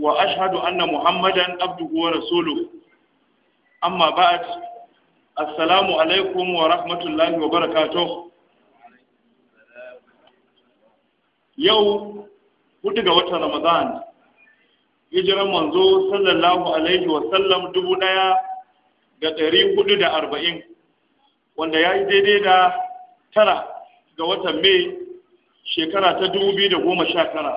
wa ashadu anna muhammadan abdu wa rasulu amma ba a ci assalamu alaikum wa rahmatullahi wa barakato yau hudu ga wata ramadan ijiran manzo sallallahu alaihi wasallam dubu daya ga dari hudu da arba'in wanda ya yi daidai da tara ga watan mai shekara ta dubu da goma sha tara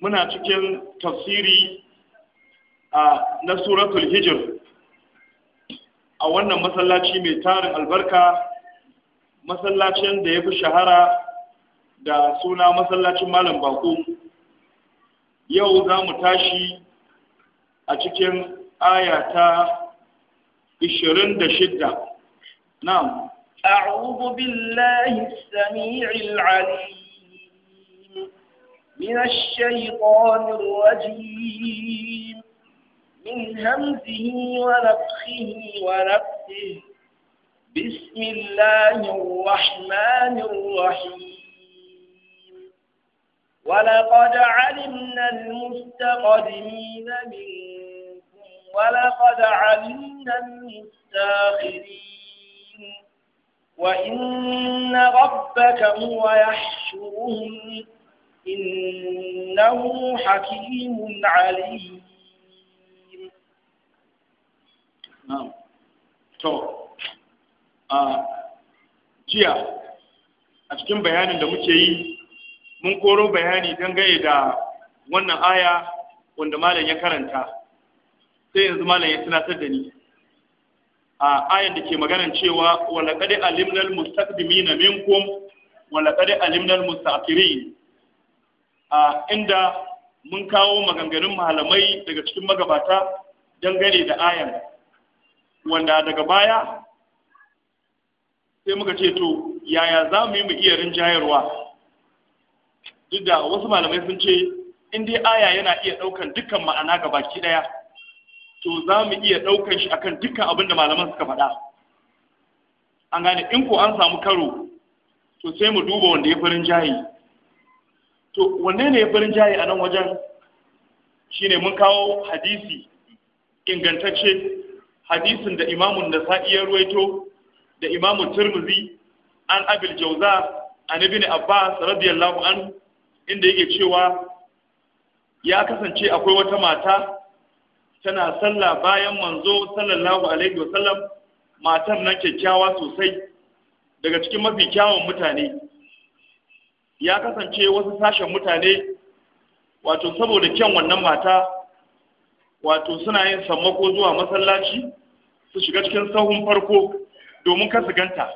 muna cikin tafsiri na suratul hijir a wannan masallaci mai tarin albarka masallacin da ya fi shahara da suna masallacin malam bako yau za mu tashi a cikin aya ta 26 na'am billahi as-sami'il 'alim من الشيطان الرجيم من همزه ونفخه ونفسه بسم الله الرحمن الرحيم ولقد علمنا المستقدمين منكم ولقد علمنا المستاخرين وإن ربك هو يحشرهم إنه حكيم عليم نعم to a jiya a cikin bayanin da muke yi mun koro bayani dangane da wannan aya wanda malam ya karanta sai yanzu malam ya tunatar da ni a ayan da ke maganan cewa walaƙaɗe alimnal mustaqdimina minkum walaƙaɗe alimnal mustaqiri a inda mun kawo maganganun malamai daga cikin magabata dangane da ayan wanda daga baya sai muka ce to yaya za mu yi mu iya rinjayarwa duk da wasu malamai sun ce in dai aya yana iya ɗaukan dukkan ma'ana ga baki ɗaya to za mu iya ɗaukan shi akan dukkan abin da malaman suka faɗa an gane in ko an samu karo to sai mu duba wanda ya fi jayi. to wanne ne ya farin jaye a nan wajen shine mun kawo hadisi ingantacce hadisin da imamun da Waito ruwaito da imamun turmuzi an abil jauza nabi ne abbas radiyallahu anhu inda yake cewa ya kasance akwai wata mata tana sallah bayan manzo sallallahu alaihi wasallam matan nan kyakkyawa sosai daga cikin mafi kyawun mutane ya kasance wasu sashen mutane wato saboda kyan wannan mata wato suna yin sammako zuwa masallaci su shiga cikin sahun farko domin kasu ganta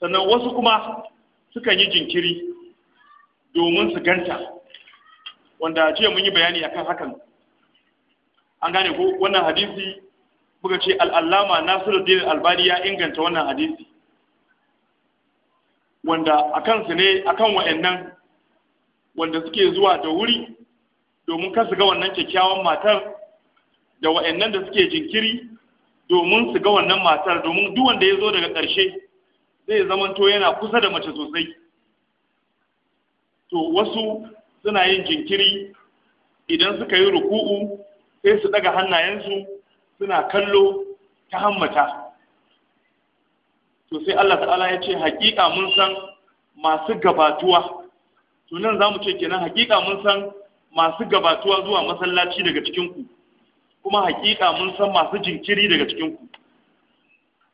sannan wasu kuma sukan yi jinkiri domin su ganta wanda ce mun yi bayani akan hakan an gane ko wannan hadisi buga ce al'allama nasiruddin albani ya inganta wannan hadisi wanda a kansu ne a kan wa'annan wanda suke zuwa da wuri domin kan su ga wannan kyakkyawan matar da wa'annan da suke jinkiri domin su ga wannan matar domin duk wanda ya zo daga ƙarshe zai zamanto yana kusa da mace sosai to wasu suna yin jinkiri idan suka yi ruku'u sai su ɗaga hannayensu suna kallo ta hammata to sai Allah ta'ala ya ce hakika mun san masu gabatuwa to nan za mu ce kenan hakika mun san masu gabatuwa zuwa masallaci daga cikinku kuma hakika mun san masu jinkiri daga cikinku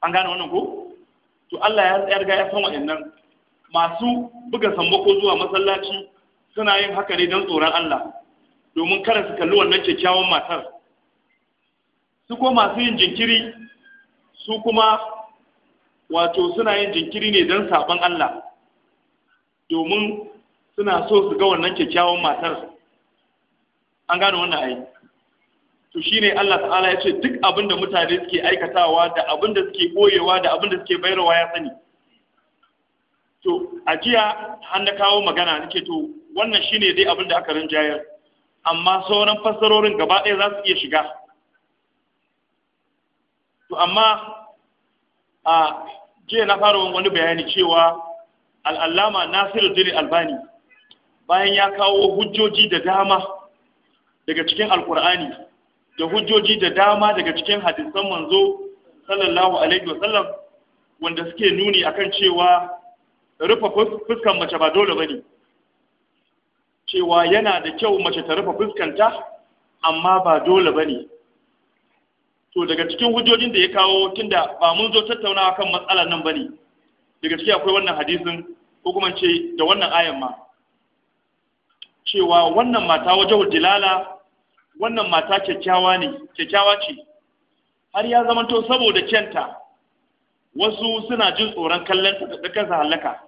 an gane wannan ko to Allah ya riga ya san wa'annan masu buga sammako zuwa masallaci suna yin haka ne don tsoron Allah domin kada su kalli wannan kyakkyawan matar su ko masu yin jinkiri su kuma wato suna yin jinkiri ne don sabon Allah domin suna so su ga wannan kyakkyawan matar an gane wannan ai to shine Allah ta'ala ya ce duk abin da mutane suke aikatawa da abin suke koyewa da abin suke bayarwa ya sani to a jiya an na kawo magana nake to wannan shine dai abinda aka rinjayar amma sauran fassarorin gaba ɗaya za su iya shiga to amma a jiya na fara wani bayani cewa al'allama nasiru dini albani bayan ya kawo hujjoji da dama daga cikin alkur'ani da hujjoji da dama daga cikin hadisan manzo sallallahu alaihi wasallam wanda suke nuni akan cewa rufe fuskan mace ba dole bane cewa yana da kyau mace ta rufe fuskanta amma ba dole bane to daga cikin hujjojin da ya kawo tunda ba mun zo tattaunawa kan matsalar nan bane daga ciki akwai wannan hadisin ko kuma ce da wannan ayan ma cewa wannan mata wajen dilala wannan mata kyakkyawa ne kyakkyawa ce har ya zama to saboda kyanta wasu suna jin tsoron kallon ta kansa halaka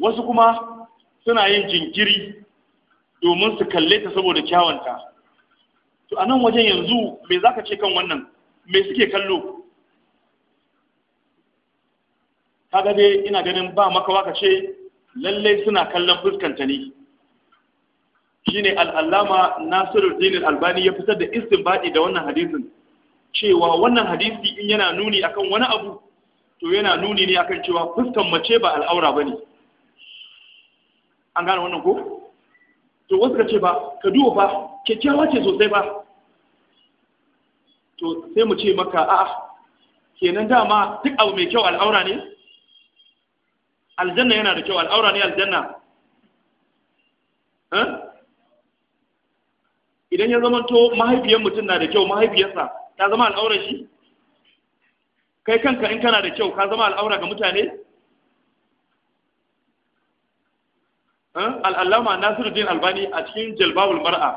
wasu kuma suna yin jinkiri domin su kalle ta saboda kyawanta to anan wajen yanzu me za ka ce kan wannan me suke kallo kaga dai ina ganin ba makawa ka ce lallai suna kallon fuskanta ne shine al-allama nasiruddin albani ya fitar da istinbadi da wannan hadisin cewa wannan hadisi in yana nuni akan wani abu to yana nuni ne akan cewa fuskan mace ba al'aura bane an gane wannan ko to wasu ka ce ba ka duwa ba kyakkyawa ce sosai ba to sai mu ce maka a'a kenan dama duk abu mai kyau al'aura ne aljanna yana da kyau al'aura ne aljanna idan ya zama to mahaifiyar mutum na da kyau mahaifiyarsa ta zama al'aura shi kai kanka in kana da kyau ka zama al'aura ga mutane al'allama nasiruddin albani a cikin jalbabul mar'a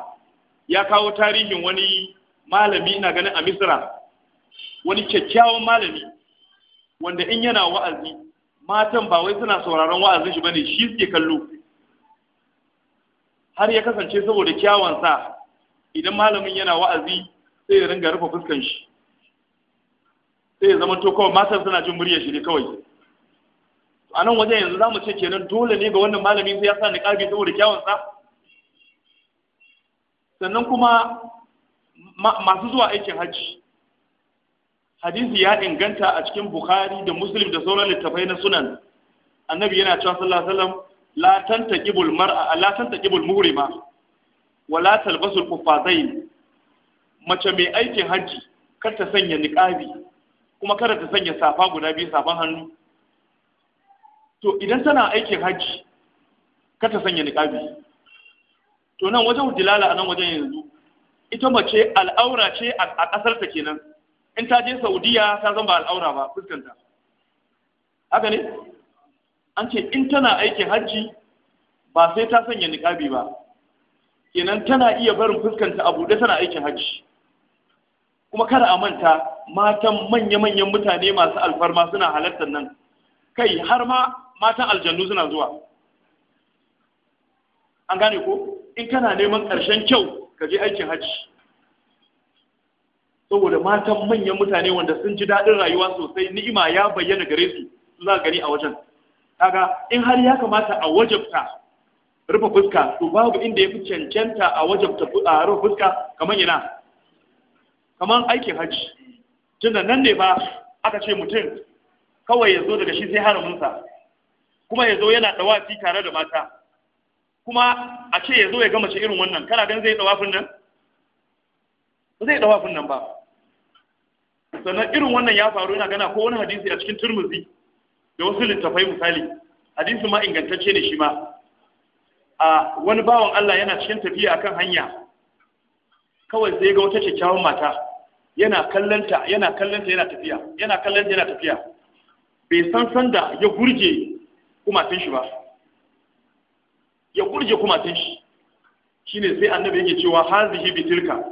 ya kawo tarihin wani malami ina ganin a misira wani kyakkyawan malami wanda in yana wa'azi matan ba wai suna sauraron wa'azin shi bane shi suke kallo har ya kasance saboda kyawun idan malamin yana wa'azi sai ya ringa rufe fuskan shi sai ya zama to kawai matan suna jin muryar shi ne kawai a nan wajen yanzu za mu ce kenan dole ne ga wannan malamin sai ya sa niqabi saboda kyawun sannan kuma masu zuwa aikin hajji hadisi ya inganta a cikin bukhari da muslim da sauran littafai na sunan annabi yana cewa sallallahu alaihi wasallam la tantaqibul mar'a la tantaqibul muhrima wa la talbasul mace mai aikin hajji kar ta sanya niqabi kuma kada ta sanya safa guda biyu safan hannu to idan tana aikin hajji kar ta sanya niqabi to nan wajen dilala anan wajen yanzu ita mace al'aura ce a ƙasarta kenan in ta je saudiya ta zama al'aura ba fuskanta haka ne an ce in tana aikin hajji ba sai ta sanya niƙabi ba kenan tana iya barin fuskanta a buɗe tana aikin hajji kuma kada a manta matan manya-manyan mutane masu alfarma suna halartar nan kai har ma matan aljannu suna zuwa an gane ko in kana neman ƙarshen kyau ka je aikin hajji saboda matan manyan mutane wanda sun ji daɗin rayuwa sosai ni'ima ya bayyana gare su za gani a wajen kaga in har ya kamata a wajabta rufe fuska to babu inda ya fi cancanta a wajabta a rufe fuska kamar yana kamar aikin hajji tunda nan ne ba aka ce mutum kawai ya zo daga shi sai haramunsa kuma ya zo yana ɗawafi tare da mata kuma a ce ya zo ya gama ce irin wannan kana gan zai dawafin nan ba zai dawafin nan ba sannan irin wannan ya faru yana gana ko wani hadisi a cikin turmuzi da wasu littafai misali hadisi ma ingantacce ne shi ma a wani bawan Allah yana cikin tafiya akan hanya kawai sai ga wata kyakkyawan mata yana kallanta yana kallanta yana tafiya yana kallanta yana tafiya bai san sanda ya gurje tun shi ba ya kurje kumatan shi shine sai annabi yake cewa hazihi bitilka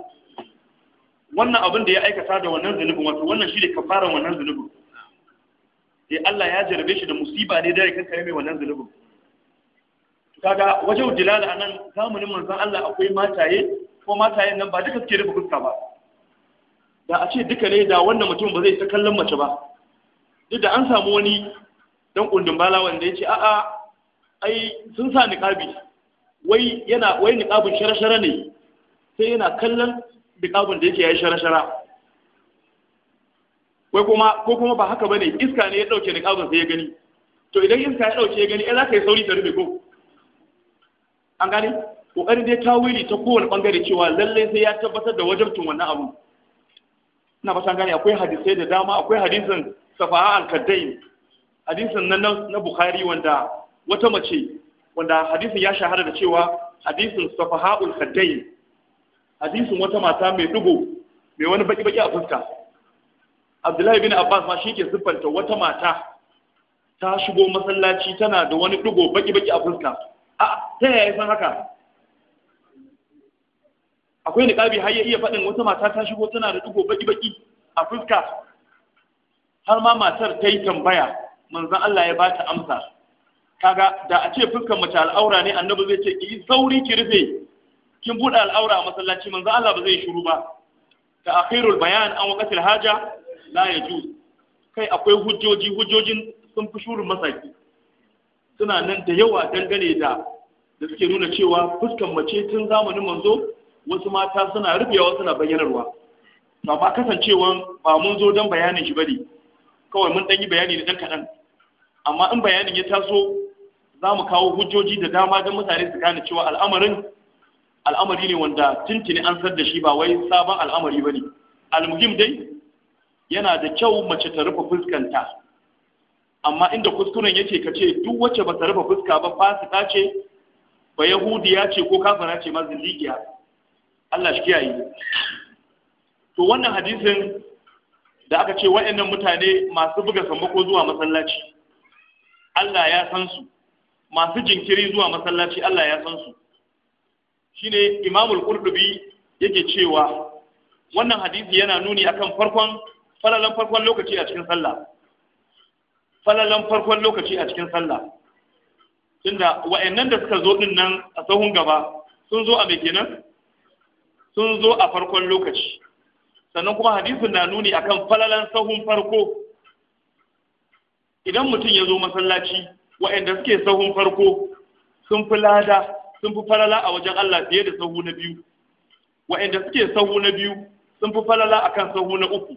wannan abin da ya aikata da wannan zunubin wato wannan shi ne kafaran wannan zunubin sai Allah ya jarabe shi da musiba ne da ya kankare mai wannan zunubin kaga wajen dilala anan zamanin manzon Allah akwai mataye ko matayen nan ba duka suke rufe fuska ba da a ce duka ne da wannan mutum ba zai ta kallon mace ba duk da an samu wani dan kundin bala wanda ya ce a'a ai sun sa niƙabi, wai yana wai shara sharashara ne sai yana kallon niƙabin da yake shara sharashara wai kuma ko kuma ba haka bane iska ne ya dauke niƙabin sai ya gani to idan iska ya dauke ya gani ai za ka yi sauri da rufe ko an gane ƙoƙarin dai wuri ta kowane bangare cewa lalle sai ya tabbatar da wajabtun wannan abu ina ba san gane akwai hadisai da dama akwai hadisin safa'a al-kaddain hadisin nan na bukhari wanda wata mace wanda hadisin ya shahara da cewa hadisin safaha'ul khaddai hadisin wata mata mai dugo mai wani baki baki a fuska Abdullahi bin Abbas ma shi ke siffanta wata mata ta shigo masallaci tana da wani dugo baki baki a fuska a ta yaya san haka akwai niqabi har ya iya faɗin wata mata ta shigo tana da dugo baki baki a fuska har ma matar ta yi tambaya manzon Allah ya ba ta amsa kaga da a ce fuskar mace al'aura ne annabi zai ce ki sauri ki rufe kin buɗe al'aura a masallaci manzo Allah ba zai shiru ba ta akhirul bayan an waqatil haja la yajuz kai akwai hujjoji hujjojin sun fi shurin masaki suna nan da yawa dangane da da suke nuna cewa fuskan mace tun zamanin manzo wasu mata suna rufewa suna bayyanarwa to ba kasancewa ba mun zo don bayanin shi bane kawai mun dan yi bayani ne dan kaɗan amma in bayanin ya taso za mu kawo hujjoji da dama don mutane su gane cewa al'amarin al'amari ne wanda tuntuni an sar da shi ba wai sabon al'amari ba ne almuhim dai yana da kyau mace ta rufe fuskanta amma inda kuskuren yake ka ce duk wacce ba ta rufe fuska ba fasika ce ba yahudiya ce ko kafara ce ma zindigiya Allah shi kiyaye to wannan hadisin da aka ce waɗannan mutane masu buga sammako zuwa masallaci Allah ya san su masu jinkiri zuwa masallaci Allah ya san su shine imamul qurtubi yake cewa wannan hadisi yana nuni akan farkon falalan farkon lokaci a cikin sallah falalan farkon lokaci a cikin sallah tunda wa'annan da suka zo din nan a sahun gaba sun zo a mai kenan sun zo a farkon lokaci sannan kuma hadisin na nuni akan falalan sahun farko idan mutum ya zo masallaci waɗanda suke sahun farko sun fi lada sun fi falala a wajen Allah fiye da sahu na biyu waɗanda suke sahu na biyu sun fi falala a kan sahu na uku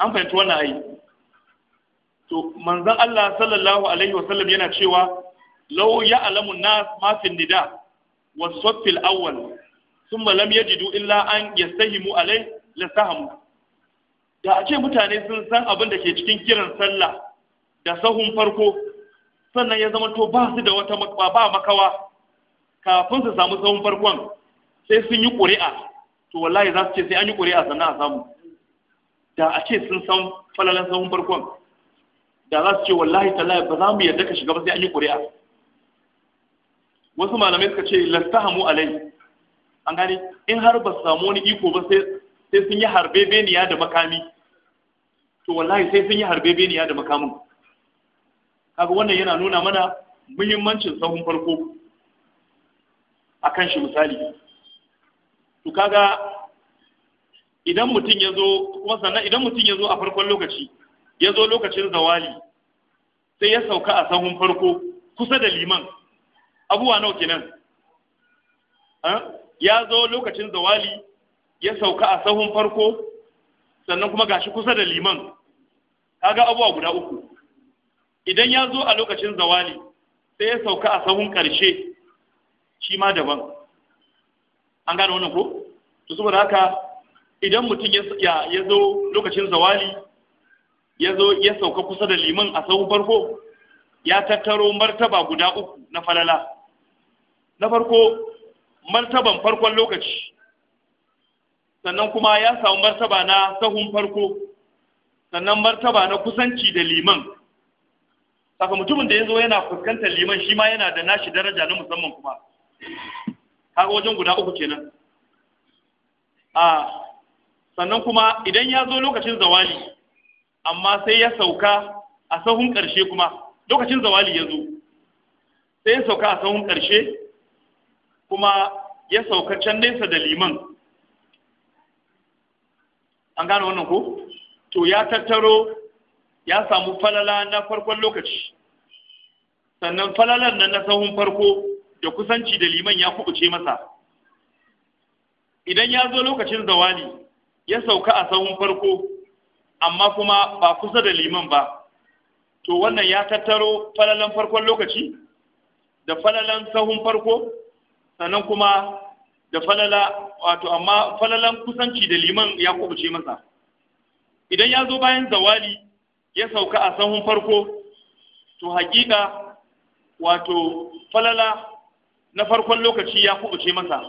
an fahimci wannan ayi to manzon Allah sallallahu alaihi wasallam yana cewa law ya'lamu nas ma fi nida wa saffil awwal thumma lam yajidu illa an yastahimu alai la sahamu da a ce mutane sun san abin da ke cikin kiran sallah da sahun farko sannan ya zama to ba su da wata ba makawa kafin su samu sahun farkon sai sun yi ƙuri'a to wallahi za su ce sai an yi ƙuri'a sannan a samu da a ce sun san falalan sahun farkon da za su ce wallahi tallahi ba za mu yarda ka shiga ba sai an yi ƙuri'a wasu malamai suka ce lastahamu alai an gani, in har ba su samu wani iko ba sai sun yi harbe-beniya da makami to wallahi sai sun yi harbe-beniya da makamin kaga wannan yana nuna mana muhimmancin sahun farko akan shi misali to kaga idan mutum ya zo kuma sannan idan mutum ya zo a farkon lokaci ya zo lokacin zawali sai ya sauka a sahun farko kusa da liman abuwa nawa kenan ya zo lokacin zawali ya sauka a sahun farko sannan kuma gashi kusa da liman kaga abuwa guda uku idan ya zo a lokacin zawali sai ya sauka a sahun ƙarshe shi ma daban an gane wannan ko to saboda haka idan mutum ya ya zo lokacin zawali ya zo ya sauka kusa da liman a sahun farko ya tattaro martaba guda uku na falala na farko martaban farkon lokaci sannan kuma ya samu martaba na sahun farko sannan martaba na kusanci da liman saka mutumin da ya zo yana fuskantar liman shi ma yana da nashi daraja na musamman kuma kaga wajen guda uku kenan a sannan kuma idan ya zo lokacin zawali amma sai ya sauka a sahun ƙarshe kuma lokacin zawali ya zo sai ya sauka a sahun ƙarshe kuma ya sauka can nesa da liman an gane wannan ko to ya tattaro ya samu falala na farkon lokaci sannan falalar nan na sahun farko da kusanci da liman ya kubuce masa idan ya zo lokacin zawali ya sauka a sahun farko amma kuma ba kusa da liman ba to wannan ya tattaro falalan farkon lokaci da falalan sahun farko sannan kuma da falala wato amma falalan kusanci da liman ya kubuce masa idan ya zo bayan zawali ya sauka a sahun farko to hakika wato falala na farkon lokaci ya kubuce masa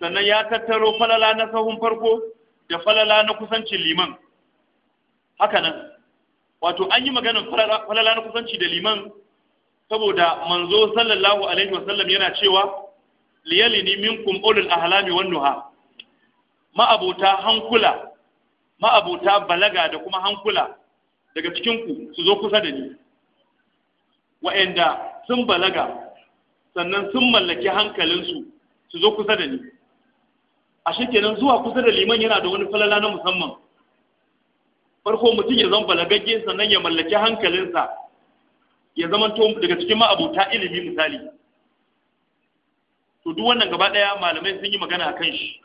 sannan ya tattaro falala na sahun farko da falala na kusancin liman haka nan wato an yi maganin falala na kusanci da liman saboda manzo sallallahu alaihi wasallam yana cewa liyalini minkum ulul ahlami wan nuha ma'abota hankula ma'abota balaga da kuma hankula daga cikinku su zo kusa da ni wa'anda sun balaga sannan sun mallaki hankalinsu su zo kusa da ni a kenan zuwa kusa da liman yana da wani falala na musamman farko mutum ya zama balagagge sannan ya mallaki hankalinsa ya zama daga cikin ma'abuta ilimi misali to duk wannan gaba ɗaya malamai sun yi magana a kan shi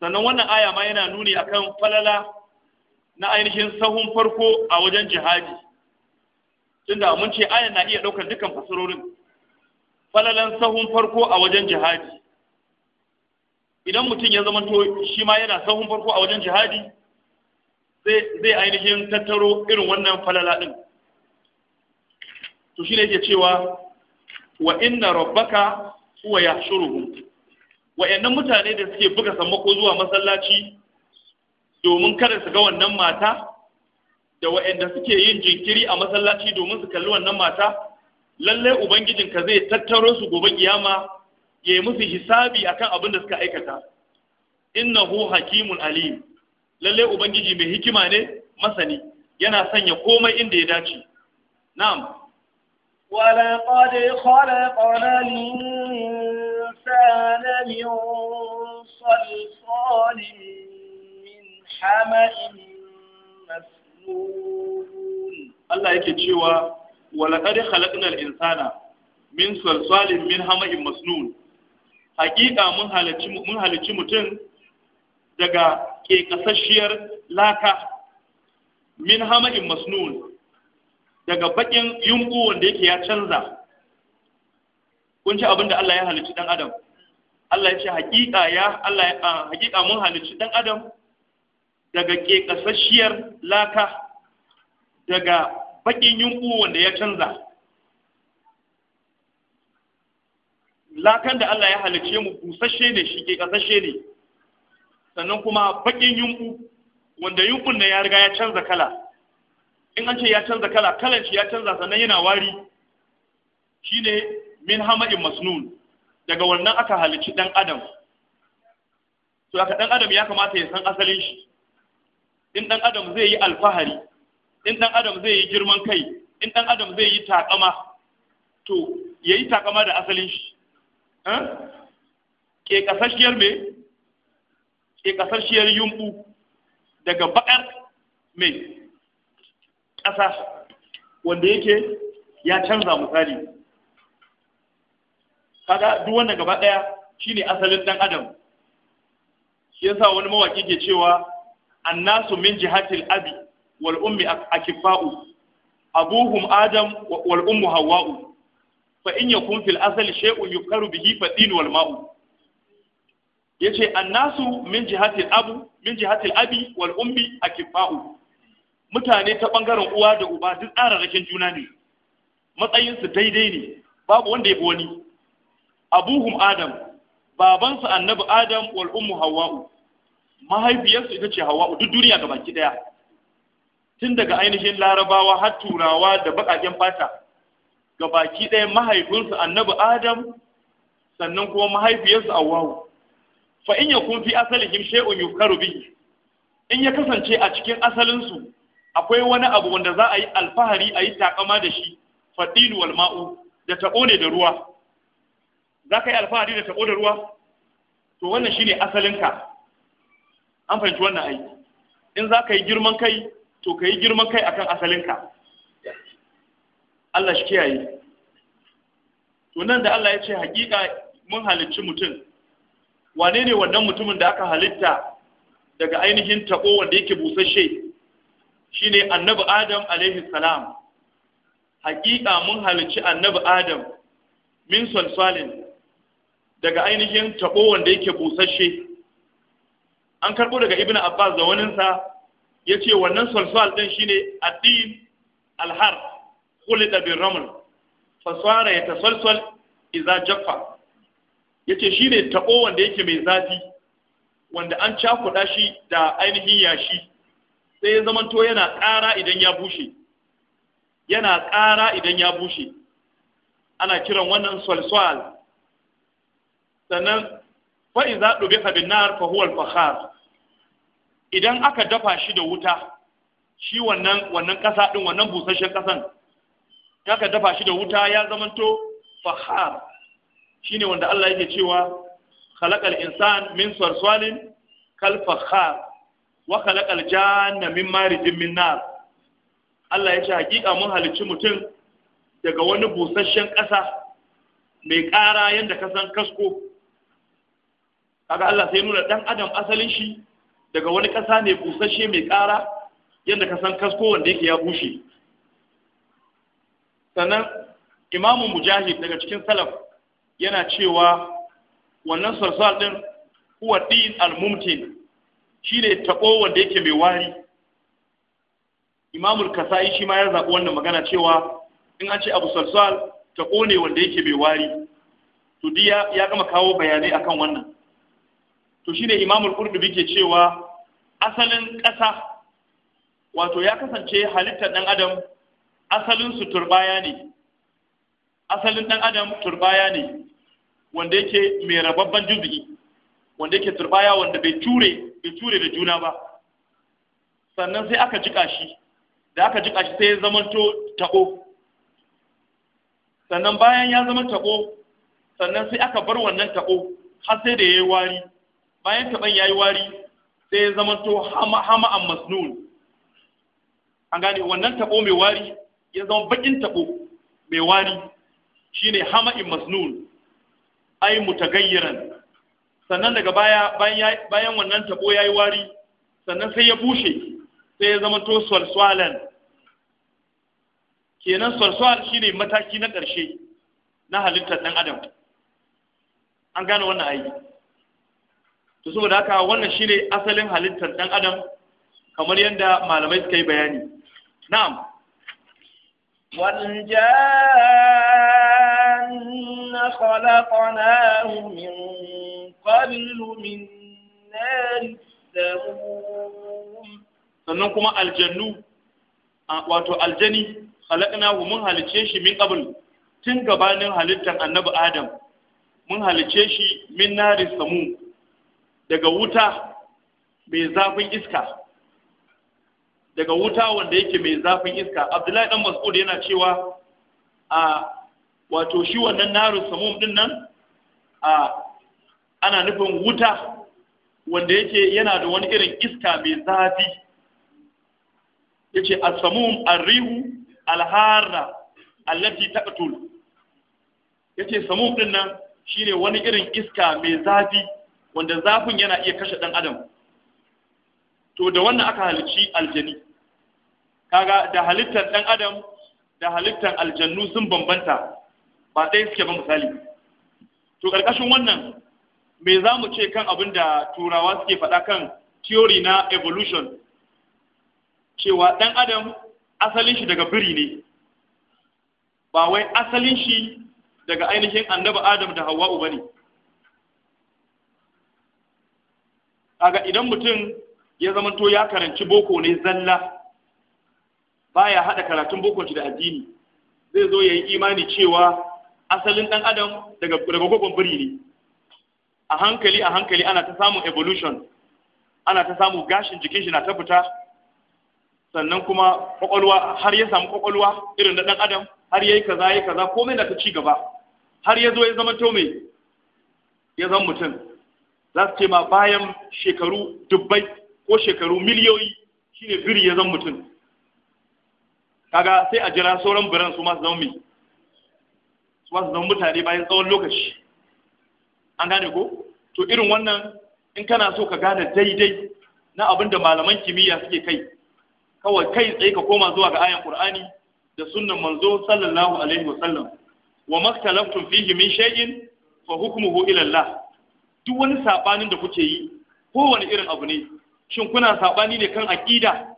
sannan wannan aya ma yana nuni akan falala na ainihin sahun farko a wajen jihadi tunda mun ce ayan na iya ɗaukar dukkan fasarorin falalan sahun farko a wajen jihadi idan mutum ya zama to shi ma yana sahun farko a wajen jihadi zai ainihin tattaro irin wannan falala ɗin to shi ne yake cewa wa inna rabbaka huwa yahshuruhum wa'annan mutane da suke buga sammako zuwa masallaci domin kada su ga wannan mata da waɗanda suke yin jinkiri a masallaci domin su kalli wannan mata lalle ka zai tattaro su gobe kiyama ya musu hisabi a kan abin da suka aikata innahu hakimun alim lalle ubangiji mai hikima ne masani yana sanya komai inda ya dace na'am ولقد خلقنا الإنسان من حمأ مسنون الله yake cewa walaqad khalaqnal insana min salsalin min hama'in masnun hakika mun halici mun halici mutum daga ke kasashiyar laka min hama'in masnun daga bakin yunku wanda yake ya canza kun ci abinda Allah ya halici dan adam Allah ya ce haƙiƙa ya Allah mun halici dan adam daga kasashiyar laka daga baƙin yunku wanda ya canza lakan da Allah ya halice mu busashe ne shi ke kasashe ne sannan kuma baƙin yunku wanda yunkun na ya riga ya canza kala in an ce ya canza kala kalan shi ya canza sannan yana wari shine min hamadin masnun daga wannan aka halici ɗan adam to aka ɗan adam ya kamata ya san asalin shi in dan adam zai yi alfahari in dan adam zai yi girman kai in dan adam zai yi takama to ya yi takama da asalin shi eh? ke kasashiyar me ke kasashiyar yumbu daga baƙar mai ƙasa wanda yake ya canza misali kaga duk wanda gaba ɗaya shine asalin ɗan adam shi yasa wani mawaki ke cewa annasu min jihatil abi wal ummi akifa'u abuhum adam wal ummu hawa'u fa in yakun fil asali she'u yukaru bihi fa din wal yace annasu min jihatil abu min jihatil abi wal ummi akifa'u mutane ta ɓangaren uwa da uba duk tsararrakin juna ne matsayinsu daidai ne babu wanda ya wani abuhum adam babansu annabi adam wal ummu hawa'u mahaifiyarsu ita ce hawa duk duniya ga baki daya tun daga ainihin larabawa har turawa da baƙaƙen fata ga baki ɗaya mahaifinsu annabi adam sannan kuma mahaifiyarsu awawu fa in ya kun fi asalihim shay'un yukaru bihi in ya kasance a cikin asalinsu akwai wani abu wanda za a yi alfahari a yi takama da shi fadilu wal ma'u da taɓo ne da ruwa za ka yi alfahari da taɓo da ruwa to wannan shine asalinka an fahimci wannan aiki in za ka yi girman kai to ka yi girman kai akan asalinka Allah shi kiyaye to nan da Allah ya ce hakika mun halicci mutum wane ne wannan mutumin da aka halitta daga ainihin tabo wanda yake busasshe shine annabi adam alaihi salam hakika mun halicci annabi adam min salsalin daga ainihin tabo wanda yake busasshe an karbo daga ibn abbas da waninsa ya ce wannan salsal ɗin shine addin alhar kulita bin ramul faswara ya tasalsal iza jaffa ya ce shi ne taɓo wanda yake mai zafi wanda an cakuɗa shi da ainihin yashi sai ya zamanto yana ƙara idan ya bushe yana ƙara idan ya bushe ana kiran wannan salsal sannan fa'iza ɗube bin na fa huwa idan aka dafa shi da wuta shi wannan wannan ƙasa ɗin wannan busasshen kasan aka dafa shi da wuta ya zamanto fahar shine wanda Allah yake cewa khalaqal insan min sarsalin kal fahar wa khalaqal janna min marijin min nar Allah ya ce hakika mun halicci mutum daga wani busasshen ƙasa mai ƙara yanda ka san kasko kaga Allah sai nuna dan adam asalin shi daga wani ƙasa ne busasshe mai ƙara yadda ka san kasko wanda yake ya bushe sannan imamu mujahid daga cikin salaf yana cewa wannan sarsal ɗin, huwa din al-mumtin ne taɓo wanda yake mai wari imamul kasai shi ma ya zaɓi wannan magana cewa in an ce abu sarsal taɓo ne wanda yake mai wari to diya ya gama kawo bayanai akan wannan to shi ne imamul kurɗu ke cewa asalin ƙasa wato ya kasance halittar ɗan adam asalin su turbaya ne asalin ɗan adam turbaya ne wanda yake mai rababban juzu'i wanda yake turbaya wanda bai ture bai ture da juna ba sannan sai aka jika shi da aka jika shi sai ya to taɓo sannan bayan ya zama taɓo sannan sai aka bar wannan taɓo har sai da ya yi wari bayan taɓon ya yi wari sai ya to hama hama an masnun an gane wannan tabo mai wari ya zama bakin tabo mai wari shine hama in masnun ai mutagayyiran sannan daga baya bayan wannan tabo yayi wari sannan sai ya bushe sai ya zama to swalswalan kenan swalswal shine mataki na ƙarshe na halittar dan adam an gane wannan aiki to saboda haka wannan shine asalin halittar dan adam kamar yadda malamai suka yi bayani na'am wanjanna khalaqnahu min قبل min nar السموم sannan kuma aljannu wato aljani khalaqnahu mun halice shi min qabl tun gabanin halittar annabi adam mun halice shi min nari samu daga wuta mai zafin iska daga wuta wanda yake mai zafin iska abdullahi dan mas'ud yana cewa a wato shi wannan naru samum din nan a ana nufin wuta wanda yake yana da wani irin iska mai zafi yace as-samum ar-rihu al-harra allati taqtul yace samum din nan shine wani irin iska mai zafi wanda zafin yana iya kashe ɗan adam to da wannan aka halici aljani kaga da halittar ɗan adam da halittar aljannu sun bambanta ba ɗaya suke ba misali to ƙarƙashin wannan me za mu ce kan abin da turawa suke faɗa kan theory na evolution cewa ɗan adam asalin shi daga biri ne ba wai asalin shi daga ainihin annaba adam da hawa'u ba ne kaga idan mutum ya zamanto ya karanci boko ne zalla baya hada karatun bokon shi da addini zai zo yayi imani cewa asalin dan adam daga daga gogon biri ne a hankali a hankali ana ta samun evolution ana ta samun gashin jikin shi na ta fita sannan kuma kwakwalwa har ya samu kwakwalwa irin da dan adam har yayi kaza yayi kaza komai na ta ci gaba har ya zo ya zama to mai ya zama mutum za su ce ma bayan shekaru dubbai ko shekaru miliyoyi shine biri ya zan mutum kaga sai a jira sauran biran su masu zama su masu zaune mutane bayan tsawon lokaci an gane ko to irin wannan in kana so ka gane daidai na abin da malaman kimiyya suke kai kawai kai tsaye ka koma zuwa ga ayan qur'ani da sunnan manzo sallallahu alaihi wasallam wa maktalaftum fihi min shay'in fa hukmuhu ila Allah duk wani sabanin da kuke yi kowane irin abu ne shin kuna sabani ne kan aqida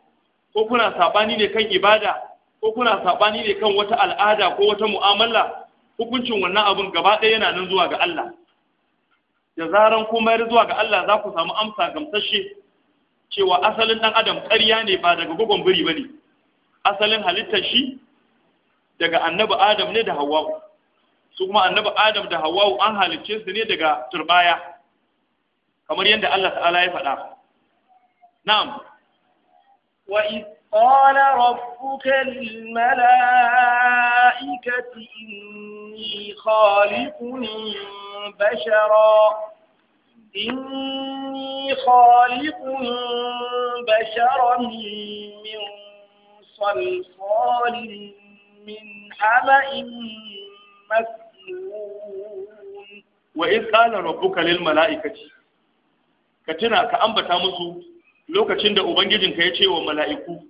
ko kuna sabani ne kan ibada ko kuna sabani ne kan wata al'ada ko wata mu'amala hukuncin wannan abun gaba ɗaya yana nan zuwa ga Allah da zaran kuma zuwa ga Allah za ku samu amsa gamsashe cewa asalin dan adam ƙarya ne ba daga gogon biri bane asalin halittar shi daga annabi adam ne da hawwa'u su kuma annabi adam da hawwa'u an halicce su ne daga turbaya kamar yadda Allah ta'ala ya faɗa na'am wa قال ربك للملائكة إني خالق بشرا إني خالق بشرا من صلصال من حمأ مسنون وإذ قال ربك للملائكة ka tuna ka ambata musu lokacin da ubangijinka ya ce wa mala'iku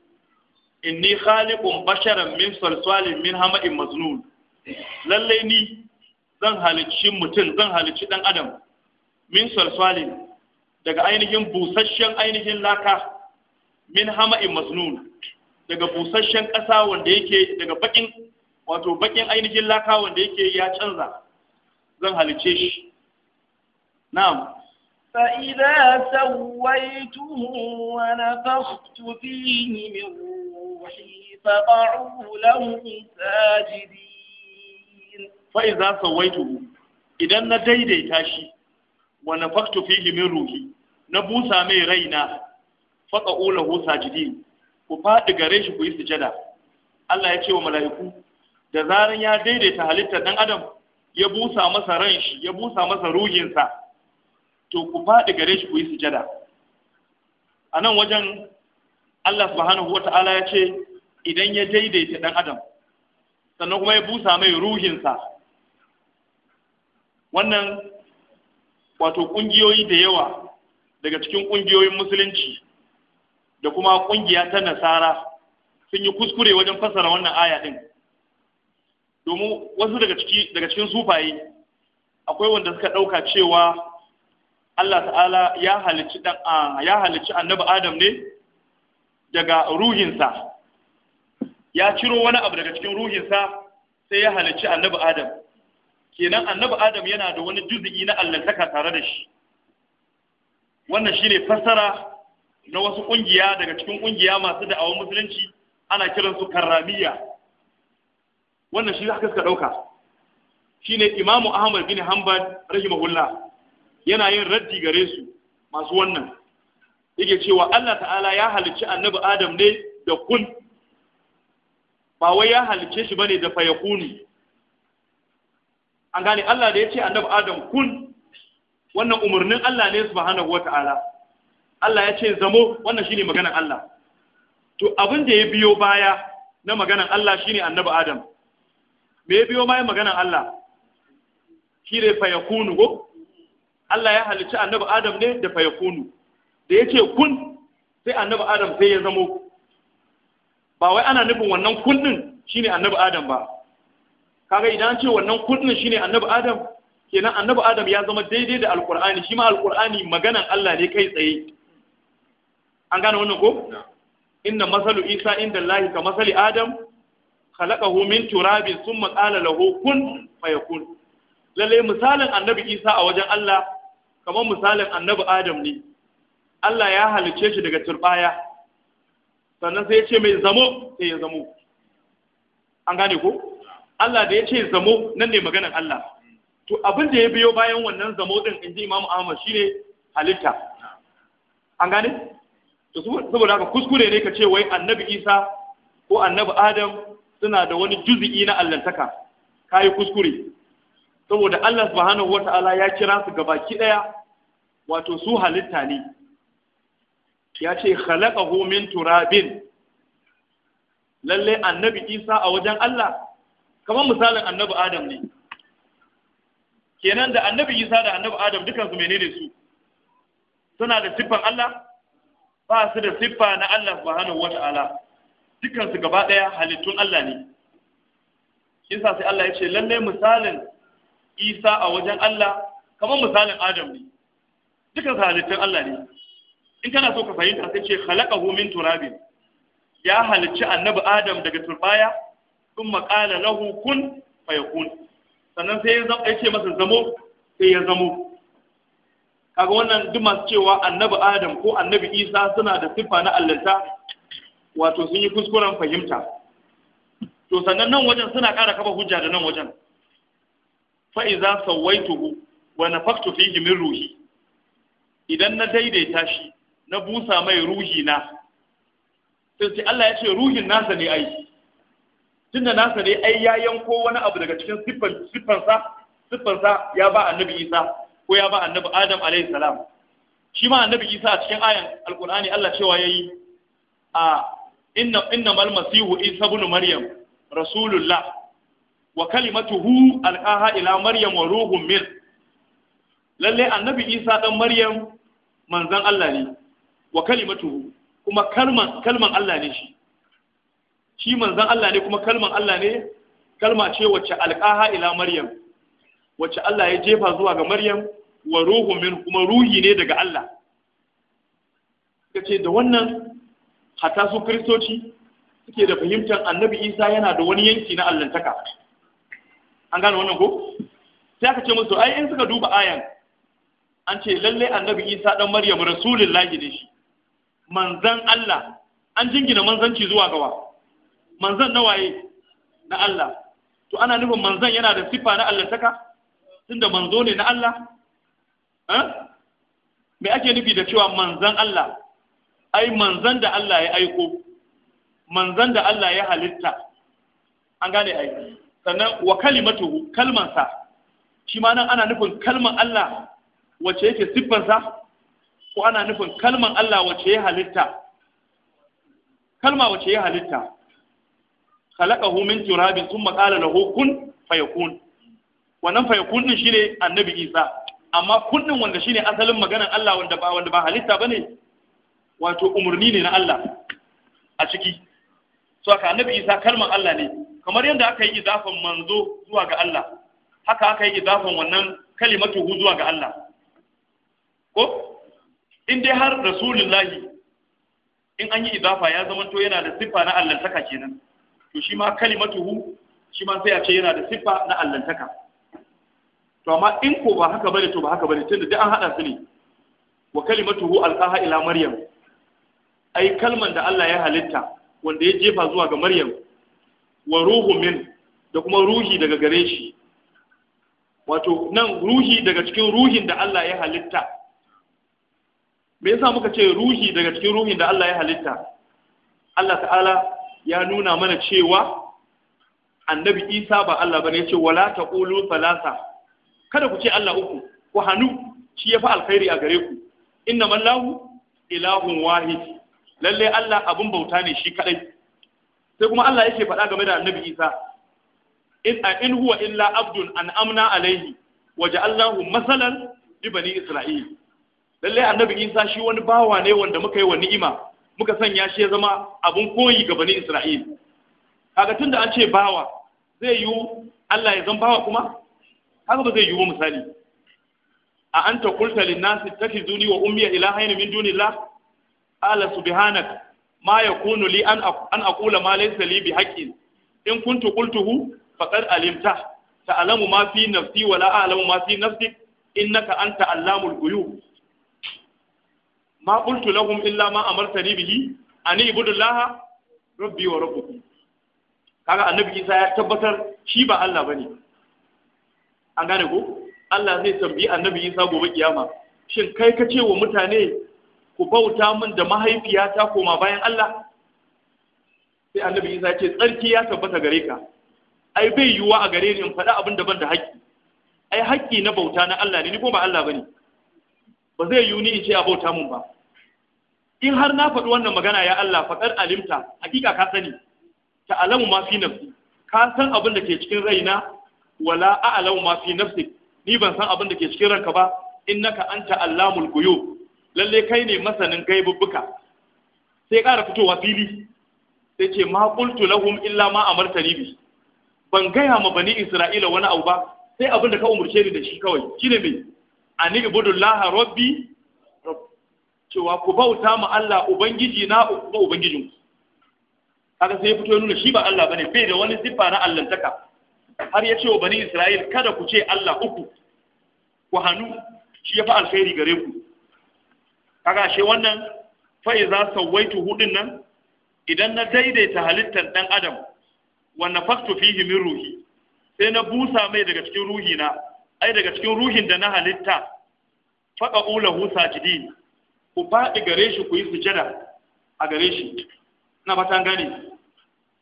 inni khaliqun basharan min salsalin min hama'in maznun lallai ni zan halicci mutum zan halicci dan adam min salsalin daga ainihin busasshen ainihin laka min hama'in maznun daga busasshen ƙasa wanda yake daga bakin wato bakin ainihin laka wanda yake ya canza zan halice shi na'am فإذا سويته ونفخت فيه من روحي فقعوا له ساجدين فإذا سويته na نديدي تاشي ونفخت فيه من روحي ku faɗi gare shi ku yi sujada Allah ya ce wa mala'iku da zaran ya daidaita halittar ɗan adam ya busa masa ran shi ya busa masa ruhinsa to ku faɗi gare shi ku yi sujada a nan wajen Allah subhanahu wa ta'ala ya ce idan ya daidaita ɗan adam sannan kuma ya busa mai ruhinsa wannan wato ƙungiyoyi da yawa daga cikin ƙungiyoyin musulunci da kuma ƙungiya ta nasara sun yi kuskure wajen fassara wannan aya ɗin domin wasu daga cikin sufaye akwai wanda suka ɗauka cewa Allah ta'ala ya halicci dan ya halici annabi Adam ne daga ruhinsa ya ciro wani abu daga cikin ruhinsa sai ya halicci annabi Adam kenan annabi Adam yana da wani juzu'i na saka tare da shi wannan shine fassara na wasu kungiya daga cikin kungiya masu da'awar musulunci ana kiransu karramiya wannan shi haka suka dauka shine Imam Ahmad bin Hanbal rahimahullah yana yin raddi gare su masu wannan yake cewa Allah ta'ala ya halicci annabi Adam ne da kun ba wai ya halicce shi bane da fayakuni an gane Allah da ya ce annabi Adam kun wannan umarnin Allah ne subhanahu wata'ala Allah ya ce zamo wannan shine maganar Allah to abin da ya biyo baya na maganar Allah shine annabi Adam me ya biyo bayan maganar Allah shi ne fayakunu ko Allah ya halicci annabi Adam ne da fayakunu da yake kun sai annabi Adam sai ya zamo ba wai ana nufin wannan kun din shine annabi Adam ba kaga idan ce wannan kun din shine annabi Adam kenan annabi Adam ya zama daidai da alkur'ani shi ma alkur'ani maganan Allah ne kai tsaye an gane wannan ko inna masalu Isa inda Allah ka masali Adam khalaqahu min turabin thumma qala lahu kun fayakun lalle misalin annabi Isa a wajen Allah kamar misalin annabi adam ne Allah ya halice shi daga turbaya sannan sai ya ce mai zamo sai ya zamo an gane ko Allah da ya ce zamo nan ne maganar Allah to abin da ya biyo bayan wannan zamo din in ji Imam Ahmad shine halitta an gane to saboda haka kuskure ne ka ce wai annabi Isa ko annabi Adam suna da wani juzi'i na allantaka kayi kuskure saboda Allah subhanahu wata'ala ya kira su gabaki ɗaya. wato su halitta ne ya ce khalaqahu min turabin lalle annabi Isa a wajen Allah kamar misalin annabi Adam ne kenan da annabi Isa da annabi Adam dukansu menene su suna da siffan Allah ba su da siffa na Allah subhanahu wata'ala dukansu gaba ɗaya halittun Allah ne Isa sai Allah ya ce lalle misalin Isa a wajen Allah kamar misalin Adam ne dukan halittun Allah ne in kana so ka fahimta sai ce khalaqahu min turabin ya halicci annabi Adam daga turbaya sun maqala lahu kun fayakun sannan sai ya ce masa zamo sai ya zamo kaga wannan duk masu cewa annabi Adam ko annabi Isa suna da siffa na allanta wato sun yi kuskuren fahimta to sannan nan wajen suna ƙara kafa hujja da nan wajen fa iza sawaituhu wa nafaktu fihi min ruhi idan na daidaita shi na busa mai ruhi na sai ce Allah ya ce ruhin nasa ne ai tunda nasa ne ai ya yanko wani abu daga cikin siffansa siffansa ya ba annabi Isa ko ya ba annabi Adam alaihi salam shi ma annabi Isa a cikin ayan alqur'ani Allah cewa yayi a inna mal masihu Isa ibn Maryam rasulullah wa kalimatuhu alqaha ila Maryam wa ruhum min lalle annabi Isa dan Maryam manzan Allah ne wa kalimatu kuma kalman kalman Allah ne shi shi manzan Allah ne kuma kalman Allah ne kalma ce wacce alqaha ila maryam wacce Allah ya jefa zuwa ga maryam wa ruhu min kuma ruhi ne daga Allah kace da wannan hatta su kristoci suke da fahimtar annabi Isa yana da wani yanki na allantaka an gane wannan ko sai aka ce musu ai in suka duba ayan an ce lalle annabi isa dan maryam rasulullahi ne shi manzan Allah an jingina manzanci zuwa gawa manzan na waye na Allah to ana nufin manzan yana da sifa na Allah saka tunda manzo ne na Allah eh? me ake nufi da cewa manzan Allah ai manzan da Allah ya aiko manzan da Allah ya halitta an gane ai sannan wa kalimatu kalmansa shi ma nan ana nufin kalman Allah wacce yake siffansa ko ana nufin kalman Allah wacce ya halitta kalma wacce ya halitta khalaqahu min turabin thumma qala lahu kun fayakun wannan fayakun din shine annabi Isa amma kun din wanda shine asalin maganar Allah wanda ba wanda ba halitta bane wato umurni ne na Allah a ciki so aka annabi Isa kalman Allah ne kamar yadda aka yi idafan manzo zuwa ga Allah haka aka yi idafan wannan kalimatu zuwa ga Allah ko in dai har rasulullahi in an yi idafa ya zama to yana da siffa na allantaka kenan to shi ma kalimatuhu shi ma sai a ce yana da siffa na allantaka to amma in ko ba haka bane to ba haka bane tunda duk an hada su ne wa kalimatuhu alqaha ila maryam ai kalman da Allah ya halitta wanda ya jefa zuwa ga maryam wa ruhu min da kuma ruhi daga gare shi wato nan ruhi daga cikin ruhin da Allah ya halitta me yasa muka ce ruhi daga cikin ruhin da Allah ya halitta Allah ta'ala ya nuna mana cewa annabi Isa ba Allah bane yace wala taqulu thalatha kada ku ce Allah uku ku hanu shi yafi alkhairi a gare ku innamal lahu ilahun wahid lalle Allah abun bauta ne shi kadai sai kuma Allah yake faɗa game da annabi Isa in a in huwa illa abdun an amna alaihi waje Allahu masalan li bani isra'il lallai annabi isa shi wani bawa ne wanda muka yi wa ni'ima muka sanya shi ya zama abun koyi ga bani isra'il kaga tunda an ce bawa zai yi Allah ya zama bawa kuma haka ba zai yi misali a anta qulta lin nasi ittakhizuni wa ummi ilahayn min dunillah ala subhanak ma yakunu li an an aqula ma laysa li bihaqqin in kuntu qultuhu faqad alimta ta'lamu ma fi nafsi wa la a'lamu ma fi nafsi innaka anta allamul ghuyub ma qultu lahum illa ma amartani bihi ani ibudullaha rabbi wa rabbukum kaga annabi Isa ya tabbatar shi ba Allah bane an gane ko Allah zai tambayi annabi Isa gobe kiyama shin kai ka ce wa mutane ku bauta min da mahaifiyata koma bayan Allah sai annabi Isa ce tsarki ya tabbata gare ka ai bai yiwuwa a gare ni in faɗa abin da ban da haƙƙi ai haƙƙi na bauta na Allah ne ni ko ba Allah bane ba zai yiwu ni in ce a bauta mun ba in har na faɗi wannan magana ya Allah faɗar alimta hakika ka sani ta alamu ma fi nafsi ka san abin da ke cikin raina wala a alamu ma fi nafsi ni ban san abin da ke cikin ranka ba In innaka anta allamul guyub lalle kai ne masanin gaibubbuka sai ƙara fitowa fili sai ce ma qultu lahum illa ma amartani bi ban gaya ma bani isra'ila wani abu ba sai abin da ka umurce ni da shi kawai shine me ani ibudullaha rabbi cewa ku bauta ma Allah ubangiji na kuma ubangijin Haka sai ya fito ya nuna shi ba Allah bane bai da wani siffa na allantaka har ya ce wa bani Isra'il kada ku ce Allah uku ku hannu shi ya fi alkhairi gare ku Haka shi wannan fa iza sawaitu hudin nan idan na daidaita halittar dan adam wa fasto fihi min ruhi sai na busa mai daga cikin ruhi na ai daga cikin ruhin da na halitta faqa ulahu sajidin ku faɗi gare shi ku yi sujada a gare shi na ta gane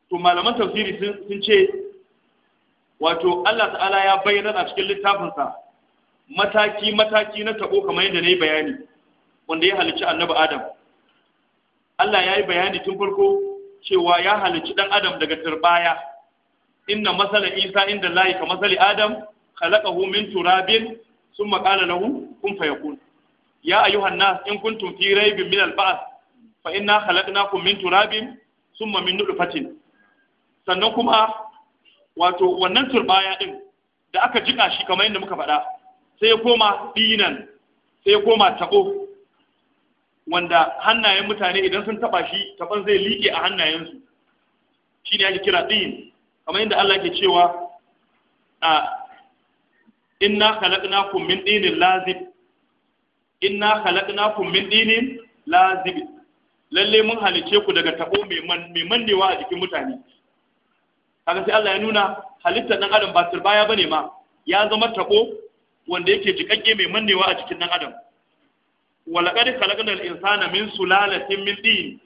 to malaman tafsiri sun ce wato Allah ta'ala ya bayyana a cikin littafinsa mataki mataki na tabo kamar yadda nayi bayani wanda ya halicci annabi adam Allah ya yi bayani tun farko cewa ya halicci dan adam daga turbaya inna masala isa inda layi ka masali adam khalaqahu min turabin sun maƙala lahu kun fayakun ya أيها الناس in كنتم في raibin من البعث فإنا خلقناكم من تراب ثم من summa min nutfatin sannan kuma wato wannan turbaya din da aka jika shi kamar yadda muka faɗa sai ya koma dinan sai ya koma tabo wanda hannayen mutane idan sun taba shi taban zai liƙe a hannayensu ne ake kira din kamar yadda Allah ke cewa a inna khalaqnakum min dinin lazib inna khalaqnakum min dinin lazib lalle mun halice ku daga tabo mai mannewa a jikin mutane kaga sai Allah ya nuna halitta dan adam ba turbaya bane ma ya zama tabo wanda yake jikakke mai mandewa a jikin dan adam khalaqna al insana min sulalatin min din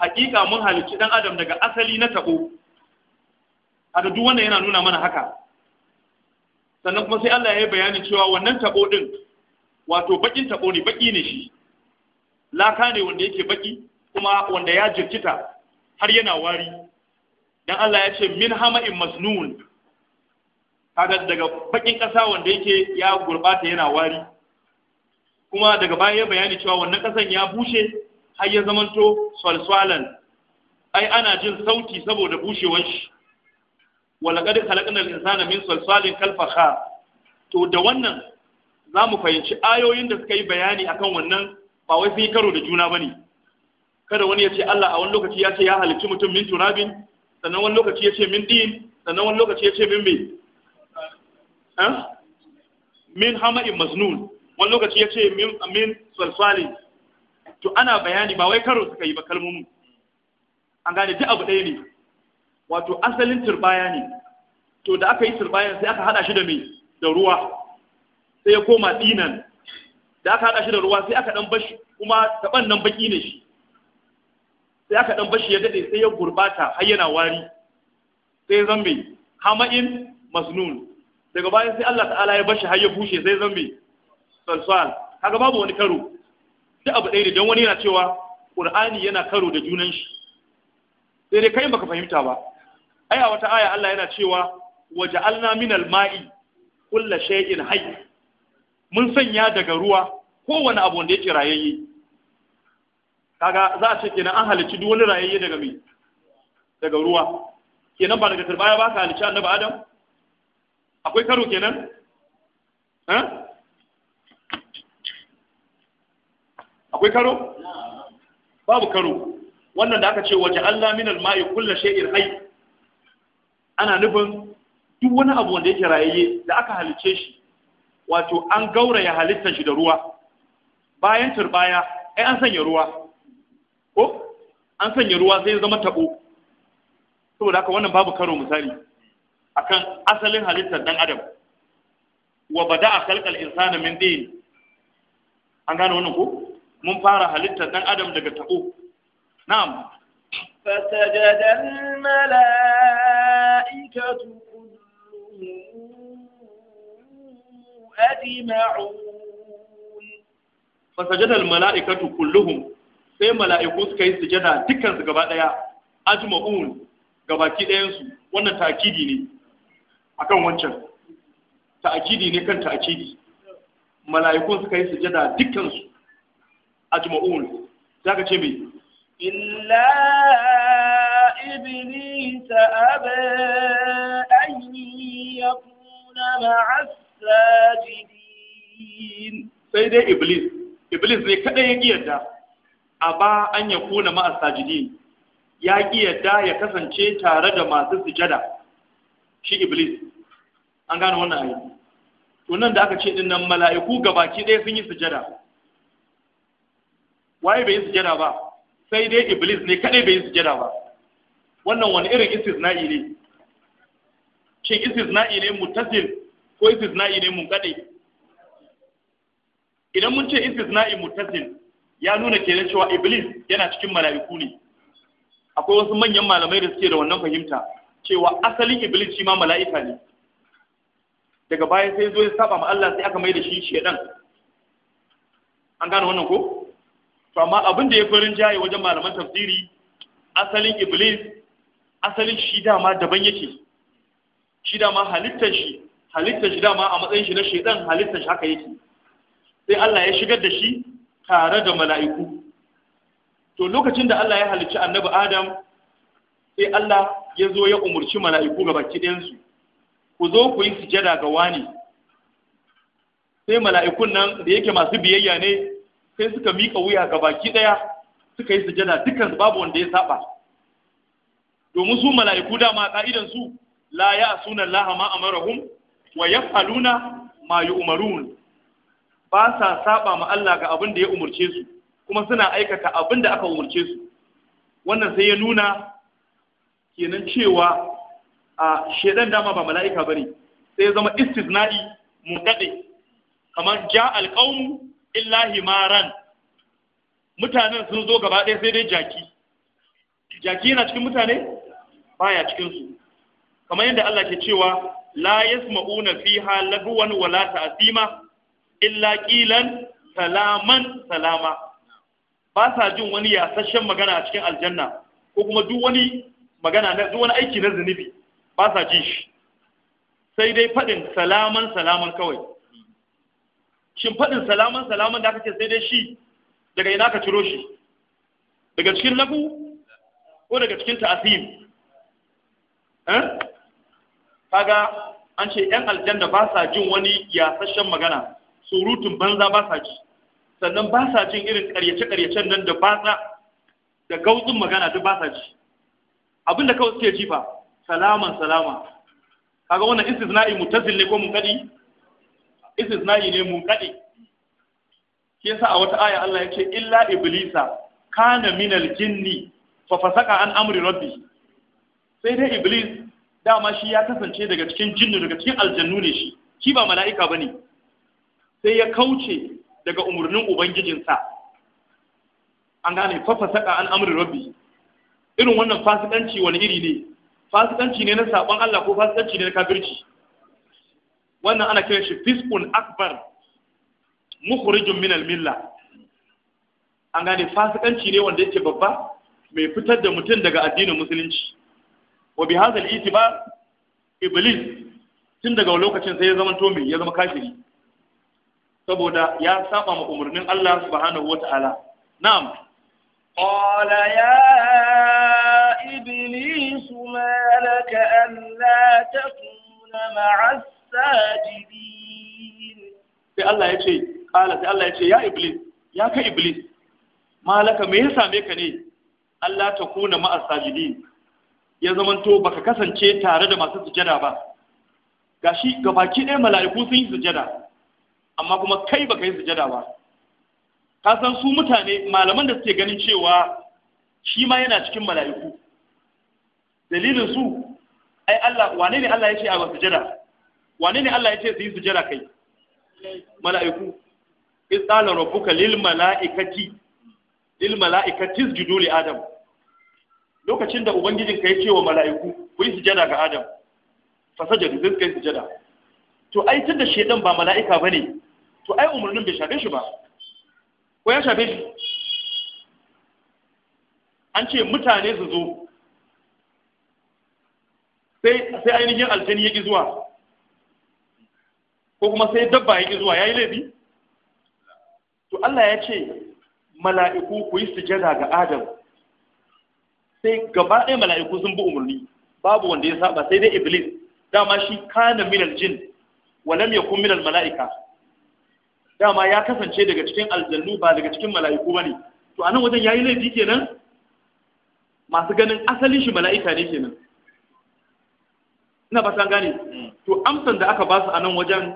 hakika mun halice dan adam daga asali na tabo kaga duk wanda yana nuna mana haka sannan kuma sai Allah ya yi bayani cewa wannan tabo din wato bakin tabo ne baki ne shi laka ne wanda yake baki kuma wanda ya jirkita har yana wari dan Allah ya ce min hama'in masnun kaga daga bakin ƙasa wanda yake ya gurbata yana wari kuma daga baya ya bayani cewa wannan kasan ya bushe har ya zamanto swalswalan ai ana jin sauti saboda bushewar shi walaƙar halakar insana min swalswalin kalfaha to da wannan za mu fahimci ayoyin da suka yi bayani akan wannan ba wai sun yi karo da juna ba ne kada wani ya ce Allah a wani lokaci ya ce ya halicci mutum min turabin sannan wani lokaci ya ce min din sannan wani lokaci ya ce min me min hama'in maznun wani lokaci ya ce min min salsalin to ana bayani ba wai karo suka yi ba kalmomin an gane duk abu ɗaya ne wato asalin turbaya ne to da aka yi turbayan sai aka hada shi da me da ruwa sai ya koma dinan da aka haɗa shi da ruwa sai aka ɗan bashi kuma taɓan nan baƙi ne shi sai aka ɗan bashi ya daɗe sai ya gurɓata har yana wari sai ya zambe hama'in masnun daga bayan sai Allah ta'ala ya bashi har ya bushe sai zambe salsal kaga babu wani karo duk abu ɗaya ne don wani yana cewa Qur'ani yana karo da junan shi sai dai kai baka fahimta ba ai a wata aya Allah yana cewa waja'alna minal ma'i kullu shay'in hayy mun sanya daga ruwa kowane abu wanda yake rayayye kaga za a ce kenan an halicci duk wani rayayye daga mai daga ruwa kenan ba daga turbaya ba ka halicci annabi adam akwai karo kenan akwai karo babu karo wannan da aka ce waje Allah min al-ma'i kullu shay'in hayy ana nufin duk wani abu wanda yake rayayye da aka halice shi wato an gauraya halittar shi da ruwa bayan turbaya ai an sanya ruwa ko an sanya ruwa sai zama tabo saboda haka wannan babu karo misali akan asalin halittar dan adam wa bada'a khalqal insana min din an gane wannan ko mun fara halittar dan adam daga tabo na'am fasajada al mala'ikatu kulluhum أجمعون فسجد الملائكة كلهم sai mala'iku suka yi sujada dukkansu gaba ɗaya ajma'un gabaki ɗayansu wannan ta'akidi ne akan wancan ta'akidi ne kan ta'akidi mala'ikun suka yi sujada dukkansu ajma'un za ka ce mai illa iblis aba sajidin sai dai iblis iblis ne kada ya kiyarda a ba an ya kona ma sajidin ya kiyarda ya kasance tare da masu sujada shi iblis an gane wannan ayi to nan da aka ce din nan mala'iku gabaki ɗaya sun yi sujada waye bai yi sujada ba sai dai iblis ne kadai bai yi sujada ba wannan wani irin istisna'i ne shin istisna'i ne mutasil ko istisna'i ne mun kadai idan mun ce istisna'i mutasin ya nuna kenan cewa iblis yana cikin mala'iku ne akwai wasu manyan malamai da suke da wannan fahimta cewa asalin iblis shi ma mala'ika ne daga baya sai zo ya saba ma Allah sai aka mai da shi shedan an gane wannan ko to amma abin da ya farin jaye wajen malaman tafsiri asalin iblis asalin shi dama daban yake shi dama halittar shi halittar shi dama a matsayin shi na shaidan halittar shi haka yake sai Allah ya shigar da shi tare da mala'iku to lokacin da Allah ya halicci annabi Adam sai Allah ya zo ya umarci mala'iku ga baki ɗayansu ku zo ku yi sujada ga wani sai mala'ikun nan da yake masu biyayya ne sai suka miƙa wuya ga baki ɗaya suka yi sujada dukkan babu wanda ya saba domin su mala'iku dama ka'idan su la ya sunan lahama amarahum wa yaf'aluna ma yu'marun ba sa saba ma Allah ga abin da ya umurce su kuma suna aikata abin da aka umurce su wannan sai ya nuna kenan cewa a shedan dama ba mala'ika bane sai ya zama istizna'i muqaddi kamar ja alqawmu illa himaran mutanen sun zo gaba ɗaya sai dai jaki jaki yana cikin mutane baya cikin su kamar yadda Allah ke cewa la yasma'una fiha lagwan wala ta'sima illa qilan salaman salama ba sa jin wani yasashen magana a cikin aljanna ko kuma duk wani magana na duk wani aiki na zunubi ba sa ji shi sai dai faɗin salaman salaman kawai shin faɗin salaman salaman da aka ce sai dai shi daga ina ka ciro shi daga cikin lagu ko daga cikin ta'asim eh kaga an ce yan aljanna ba sa jin wani yasashen magana surutun banza ba sa ji sannan ba sa jin irin karyace-karyacen nan da batsa da gautsin magana duk ba sa ji abin da kawai suke ji ba salaman salama kaga wannan istisna'i mutazil ne ko munkadi istisna'i ne munkadi shi yasa a wata aya Allah ce illa iblisa kana minal jinni fa fasaka an amri rabbi sai dai iblis dama shi ya kasance daga cikin jinnu daga cikin aljannu ne shi shi ba mala'ika bane sai ya kauce daga umarnin ubangijinsa an gane fafasaka an amri rabbi irin wannan fasikanci wani iri ne fasikanci ne na sabon Allah ko fasikanci ne na kafirci wannan ana kiran shi fiskun akbar mukhrijun min al-milla an gane fasikanci ne wanda yake babba mai fitar da mutum daga addinin musulunci wa bi hadha al-itibar iblis tun daga lokacin sai ya zama tomi ya zama kafiri saboda ya saba ma umarnin Allah subhanahu wata'ala na'am qala ya iblis ma laka an la takuna ma'a sajidin sai Allah ya ce qala sai Allah ya ce ya iblis ya kai iblis malaka me ya same ka ne Allah takuna ma'a sajidin ya zamanto baka kasance tare da masu sujada ba gashi gabaki ɗaya mala'iku sun yi sujada amma kuma kai baka yi sujada ba ka san su mutane malaman da suke ganin cewa shi ma yana cikin mala'iku dalilin su ai Allah wane ne Allah ya ce a ba sujada wane ne Allah ya ce su yi sujada kai mala'iku iz qala rabbuka lil mala'ikati lil mala'ikati sujudu li adam lokacin da ubangijin ka ya ce wa mala'iku ku yi sujada ga adam fasajadu sai suka yi sujada to ai tun da shedan ba mala'ika bane to ai umarnin bai shafe shi ba ko ya shafe shi an ce mutane su zo sai ainihin aljani ya ƙi zuwa ko kuma sai dabba ya ƙi zuwa ya yi laifi to Allah ya ce mala'iku ku yi sujada ga adam sai gaba ɗaya mala'iku sun bi umarni babu wanda ya saba sai dai iblis dama shi kana minal jin wa lam yakun minal mala'ika dama ya kasance daga cikin aljannu ba daga cikin mala'iku bane to anan wajen yayi laifi kenan masu ganin asalin shi mala'ika ne kenan ina ba san gane hmm. to amsan da aka ba su anan wajen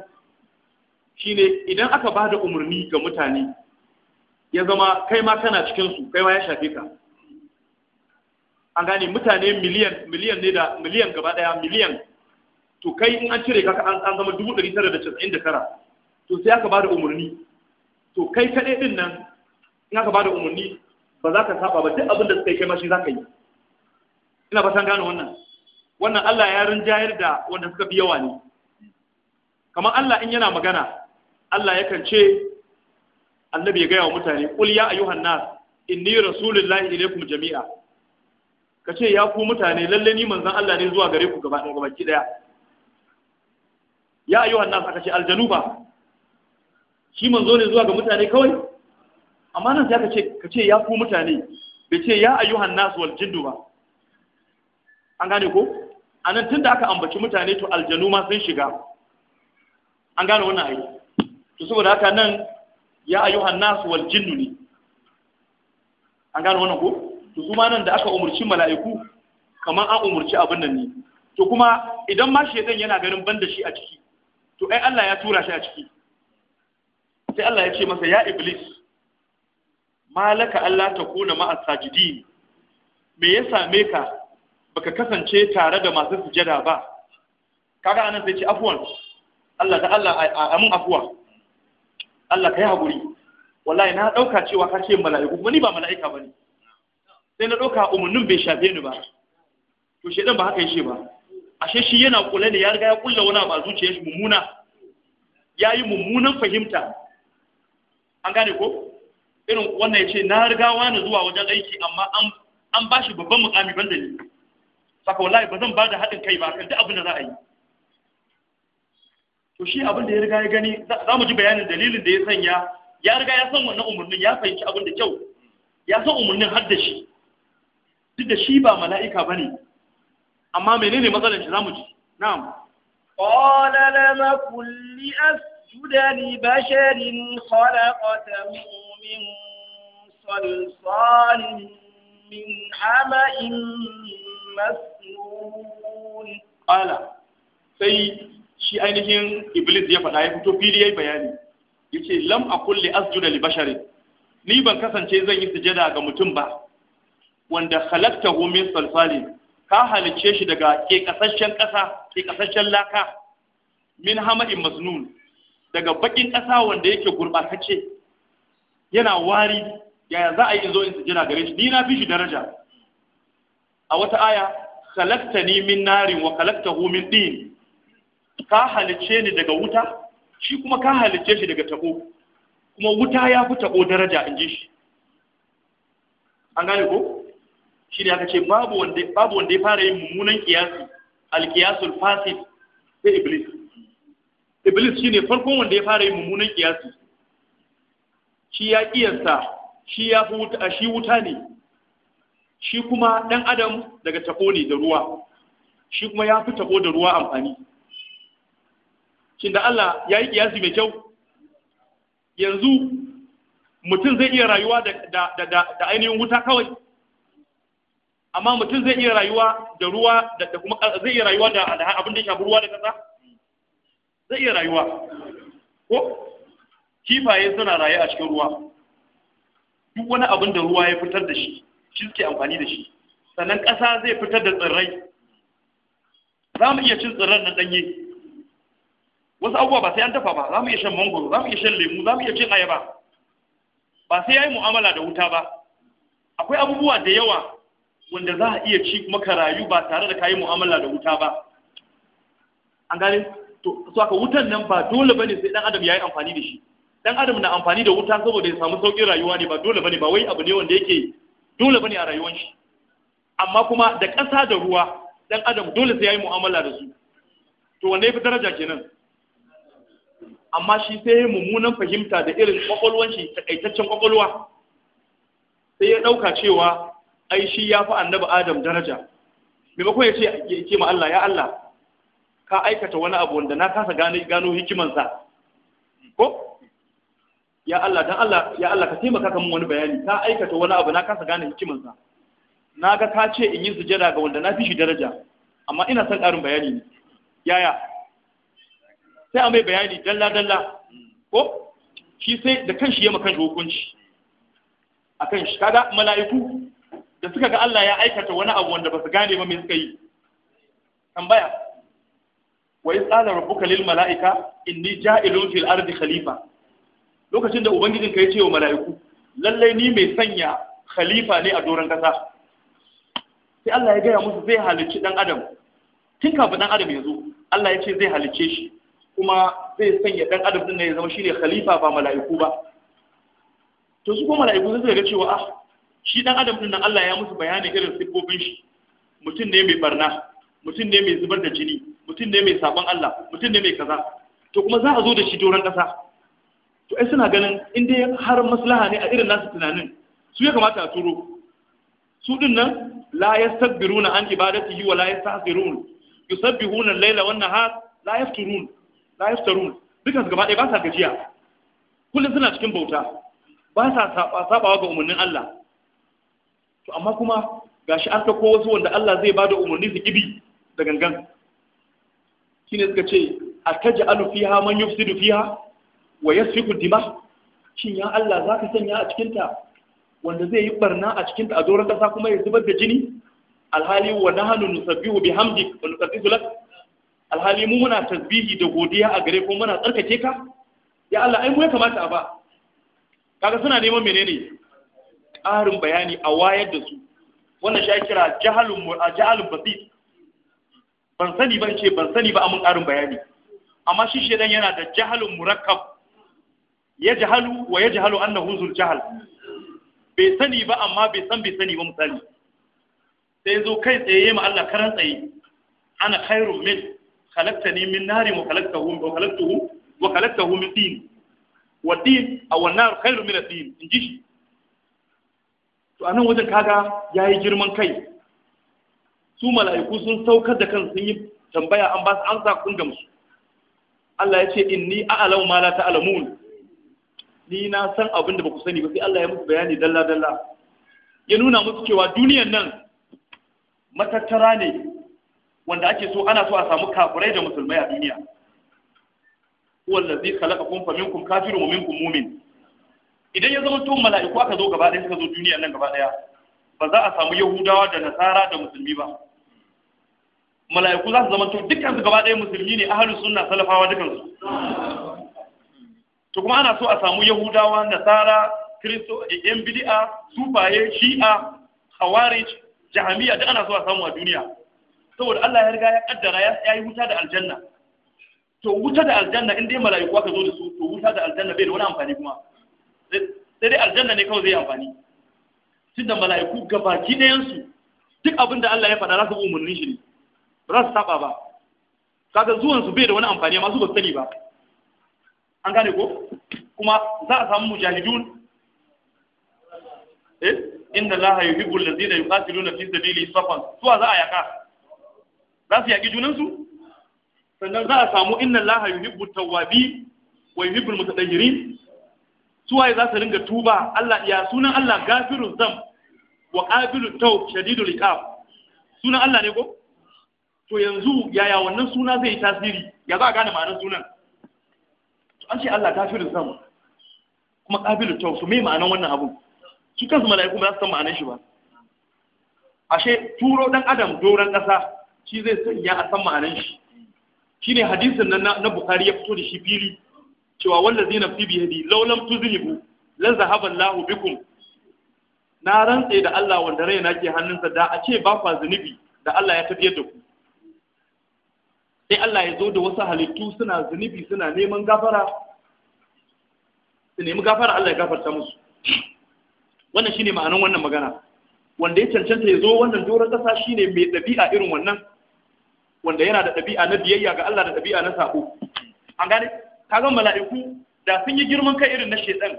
shine idan aka ba da umarni ga mutane ya zama kai ma kana cikin su kai ma ya shafe ka an gane mutane miliyan miliyan ne da miliyan gaba daya miliyan to kai in an cire kaka an zama dubu ɗari tara da casa'in da tara to sai aka bada umarni to kai kaɗai ɗin nan in aka bada umarni ba za ka saba ba duk abin da suka yi kai ma shi za ka yi ina san gane wannan wannan Allah ya rinjayar da wanda suka fi yawa ne kamar Allah in yana magana Allah yakan ce annabi ya gaya wa mutane kul ya ayyuhan nas inni rasulullahi ilaykum jami'a ka ce ya ku mutane lalle ni manzon Allah ne zuwa gare ku gaba ɗaya gabaki ɗaya ya ayyuhan nas aka ce aljanu ba shi manzo ne zuwa ga mutane kawai amma nan sai ka ce ka ce ya ku mutane bai ce ya ayyuhan nas wal jinnu ba an gane ko anan tunda aka ambaci mutane to aljanu ma sun shiga an gane wannan ayi to saboda haka nan ya ayyuhan nas wal jinnu ne an gane wannan ko to su nan da aka umurci mala'iku kamar an umurci abin nan ne to kuma idan ma shedan yana ganin ban da shi a ciki to ai Allah ya tura shi a ciki sai Allah ya ce masa ya iblis malaka Allah ta kuna ma'a sajidin me ya same ka baka kasance tare da masu sujada ba kaga anan sai ce afwan Allah da Allah mun afuwa Allah kai yi wallahi na dauka cewa kace ce mala'iku ba ni ba mala'ika bane sai na ɗauka umarnin bai shafe ni ba to ɗan ba haka yashe ba ashe shi yana kula ne ya riga ya kulla wani ba ya shi mummuna ya yi mummunan fahimta an gane ko irin wannan ya ce na riga wani zuwa wajen aiki amma an ba shi babban mukami ban da ni saka wallahi ba zan ba da haɗin kai ba kan duk abin da za a yi to shi abin da ya riga ya gani za mu ji bayanin dalilin da ya sanya ya riga ya san wannan umarnin ya fahimci abin da kyau ya san umarnin har da shi duk da shi ba mala'ika ba ne amma menene matsalar shi mu ji na'am qala lam akul li asjuda li basharin khalaqatahu min salsalin min hama'in masnun qala sai shi ainihin iblis ya faɗa ya fito fili yi bayani yace lam a kulle asjuda li basharin ni ban kasance zan yi sujada ga mutum ba wanda khalaqtahu min salsalin ka halice shi daga ke kasashen kasa ke laka min hama'in masnun daga bakin kasa wanda yake gurbatacce yana wari yaya za a yi zo in jira gare shi ni na fi shi daraja a wata aya ni min narin wa khalaqtahu min din ka halice ni daga wuta shi kuma ka halice shi daga tabo kuma wuta ya fi tabo daraja in ji shi an gane ko shi ne aka ce babu wanda ya fara yin mummunan kiyasi alkiyasul fasid sai iblis iblis shi ne farkon wanda ya fara yin mummunan kiyasi shi ya kiyasta shi ya fi shi wuta ne shi kuma ɗan adam daga tako ne da ruwa shi kuma ya fi tako da ruwa amfani shin da Allah ya yi kiyasi mai kyau yanzu mutum zai iya rayuwa da ainihin wuta kawai amma mutum zai iya rayuwa da ruwa da kuma zai iya rayuwa da abin da ya shafi ruwa da kasa zai iya rayuwa ko kifaye suna raye a cikin ruwa duk wani abin da ruwa ya fitar da shi shi suke amfani da shi sannan ƙasa zai fitar da tsirrai za mu iya cin tsirran na ɗanye wasu abubuwa ba sai an dafa ba za mu iya shan mangoro za mu iya shan lemu za mu iya cin ayaba ba sai ya yi mu'amala da wuta ba akwai abubuwa da yawa wanda za a iya ci maka rayu ba tare da kayi mu'amala da wuta ba an gane to so aka wutan nan ba dole bane sai dan adam yayi amfani da shi dan adam na amfani da wuta saboda ya samu saukin rayuwa ne ba dole bane ba wai abu ne wanda yake dole bane a rayuwar shi amma kuma da ƙasa da ruwa dan adam dole sai yayi mu'amala da su to wanda yafi daraja kenan amma shi sai yayi mummunan fahimta da irin kwakwalwan shi takaitaccen kwakwalwa sai ya ɗauka cewa ai shi ya fi annabi adam daraja maimakon ya ce ya ce ma Allah ya Allah ka aikata wani abu wanda na kasa gano gano hikimansa ko ya Allah dan Allah ya Allah ka taimaka kan wani bayani ka aikata wani abu na kasa gane hikimansa na ga ka ce in yi sujada ga wanda na fi shi daraja amma ina son ƙarin bayani ne yaya sai a mai bayani dalla dalla ko shi sai da kanshi ya maka hukunci Akan shi kaga mala'iku da suka ga Allah ya aikata wani abu wanda ba su gane ba mai suka yi tambaya wa yi tsada rabbuka lil mala'ika inni ja'ilun fil ardi khalifa lokacin da ubangijin ka ya ce wa mala'iku lallai ni mai sanya khalifa ne a doron kasa sai Allah ya gaya musu zai halicci dan adam tun kafin dan adam ya zo Allah ya ce zai halicce shi kuma zai sanya dan adam din ne ya zama shine khalifa ba mala'iku ba to su ko mala'iku sun ga cewa ah shi dan adam din nan Allah ya musu bayanin irin siffofin shi mutum ne mai barna mutum ne mai zubar da jini mutum ne mai sabon Allah mutum ne mai kaza to kuma za a zo da shi doron kasa to ai suna ganin in dai har maslaha ne a irin nasu tunanin su ya kamata a turo su din nan la yastabiruna an ibadatihi wa la yastahzirun yusabbihuna al-laila wan nahar la yafturun la yafturun duka gaba ɗaya ba sa gajiya kullum suna cikin bauta ba sa sabawa ga umarnin Allah to amma kuma gashi an ko wasu wanda Allah zai bada umarni su gibi da gangan shine suka ce ataj'alu fiha man yufsidu fiha wa yasfiku dima shin ya Allah zaka sanya a cikin ta wanda zai yi barna a cikin ta a doron kasa kuma ya zubar da jini alhali wa nahnu nusabbihu bihamdik wa nuqaddisu lak alhali mu muna tasbihi da godiya a gare ko muna tsarkake ka ya Allah ai mu ya kamata a ba kaga suna neman menene ƙarin bayani a wayar da su wannan shi kira jahalun jahalun basi ban sani ba ce ban sani ba amun ƙarin bayani amma shi dan yana da jahalun murakkab ya jahalu wa ya jahalu annahu zul jahal bai sani ba amma bai san bai sani ba misali sai zo kai tsaye ma Allah karan tsaye ana khairun min khalaqtani min nari wa khalaqtahu wa khalaqtahu wa khalaqtahu min tin wa tin aw an-nar khairun min at-tin inji shi to a nan wajen kaga ya yi girman kai su mala'iku sun saukar da kan sun yi tambaya an ba su an sa kun gamsu Allah ya ce inni a'lamu ma la ta'lamun ni na san abin da baku sani ba sai Allah ya muku bayani dalla dalla ya nuna musu cewa duniyar nan matattara ne wanda ake so ana so a samu kafirai da musulmai a duniya wallazi khalaqakum faminkum kafirun wa minkum mu'min idan ya zama tun mala'iku aka zo gaba ɗaya suka zo duniya nan gaba ɗaya ba za a samu yahudawa da nasara da musulmi ba mala'iku za su zama tun dukkan su gaba ɗaya musulmi ne ahalu sunna salafawa dukkan su to kuma ana so a samu yahudawa nasara kristo yan bid'a sufaye shi'a khawarij jahamiya duk ana so a samu a duniya saboda Allah ya riga ya kaddara ya yi wuta da aljanna to wuta da aljanna in dai mala'iku aka zo da su to wuta da aljanna bai da wani amfani kuma sai dai aljanna ne kawai zai amfani tunda mala'iku gabaki ɗayansu, duk abin da Allah ya faɗa za su bi shi ne ba za su saba ba kaga zuwan su bai da wani amfani amma su ba sani ba an gane ko kuma za a samu mujahidun eh inna allaha yuhibbul ladina yuqatiluna fi sabili safan suwa za a yaka za su yaki junan su sannan za a samu inna allaha yuhibbut tawabi wa yuhibbul mutatahhirin suwaye za su ringa tuba Allah ya sunan Allah gafirun zam wa qabilu tawb shadidul iqab sunan Allah ne ko to yanzu yaya wannan suna zai yi tasiri ya za a gane ma'anar sunan to an ce Allah gafirun zam kuma qabilu tawb su me ma'anar wannan abu su kansu mala'iku ba za su san ma'anar shi ba ashe turo dan adam doran kasa shi zai sanya a san ma'anar shi shine hadisin nan na Bukhari ya fito da shi fili cewa wallazi fi bi yadi law lam tuzlibu la zahaba Allahu bikum na rantse da Allah wanda raina ke hannunsa da a ce ba fa zunubi da Allah ya tafiyar da ku sai Allah ya zo da wasu halittu suna zunubi suna neman gafara su nemi gafara Allah ya gafarta musu wannan shine ma'anin wannan magana wanda ya cancanta ya zo wannan doron ƙasa shine mai ɗabi'a irin wannan wanda yana da ɗabi'a na biyayya ga Allah da ɗabi'a na sabo an gane kaga mala'iku da sun yi girman kai irin na shedan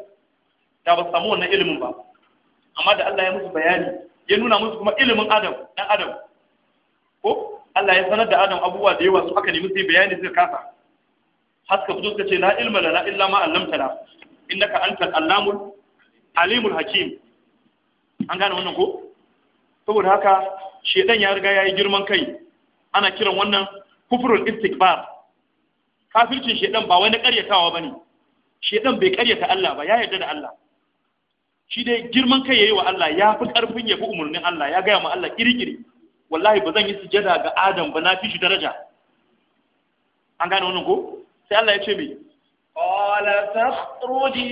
da ba samu wannan ilimin ba amma da Allah ya musu bayani ya nuna musu kuma ilimin Adam dan Adam ko Allah ya sanar da Adam abubuwa da yawa su aka nemi sai bayani suka kasa haska fito suka ce la ilma lana illa ma la innaka antal allamul alimul hakim an gane wannan ko saboda haka shedan ya riga ya yi girman kai ana kiran wannan kufrul istikbar kafircin shedan ba wani karyatawa ne. shedan bai karyata Allah ba ya yarda da Allah shi dai girman kai yayi wa Allah ya fi karfin ya umurnin umarnin Allah ya gaya ma Allah kirkire wallahi ba zan yi sujada ga Adam ba na fi shi daraja an gane wannan ko sai Allah ya ce me قال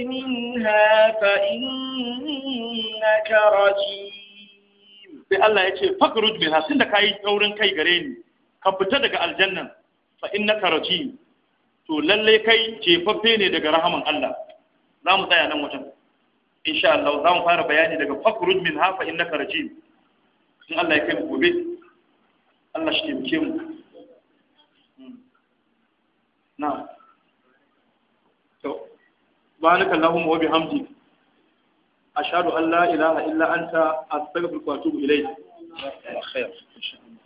minha fa innaka رجيم sai Allah ya ce fakhruj minha tunda kai taurin kai gare ni ka fita daga aljannan fa innaka rajim to lalle kai jefaffe ne daga rahaman Allah za mu tsaya nan wajen insha Allah za mu fara bayani daga fakruj min hafa innaka rajim in Allah ya kai gobe Allah shi taimake mu na to subhanaka allahumma wa bihamdika أشهد أن لا إله إلا أنت أستغفرك وأتوب إليك خير khair insha Allah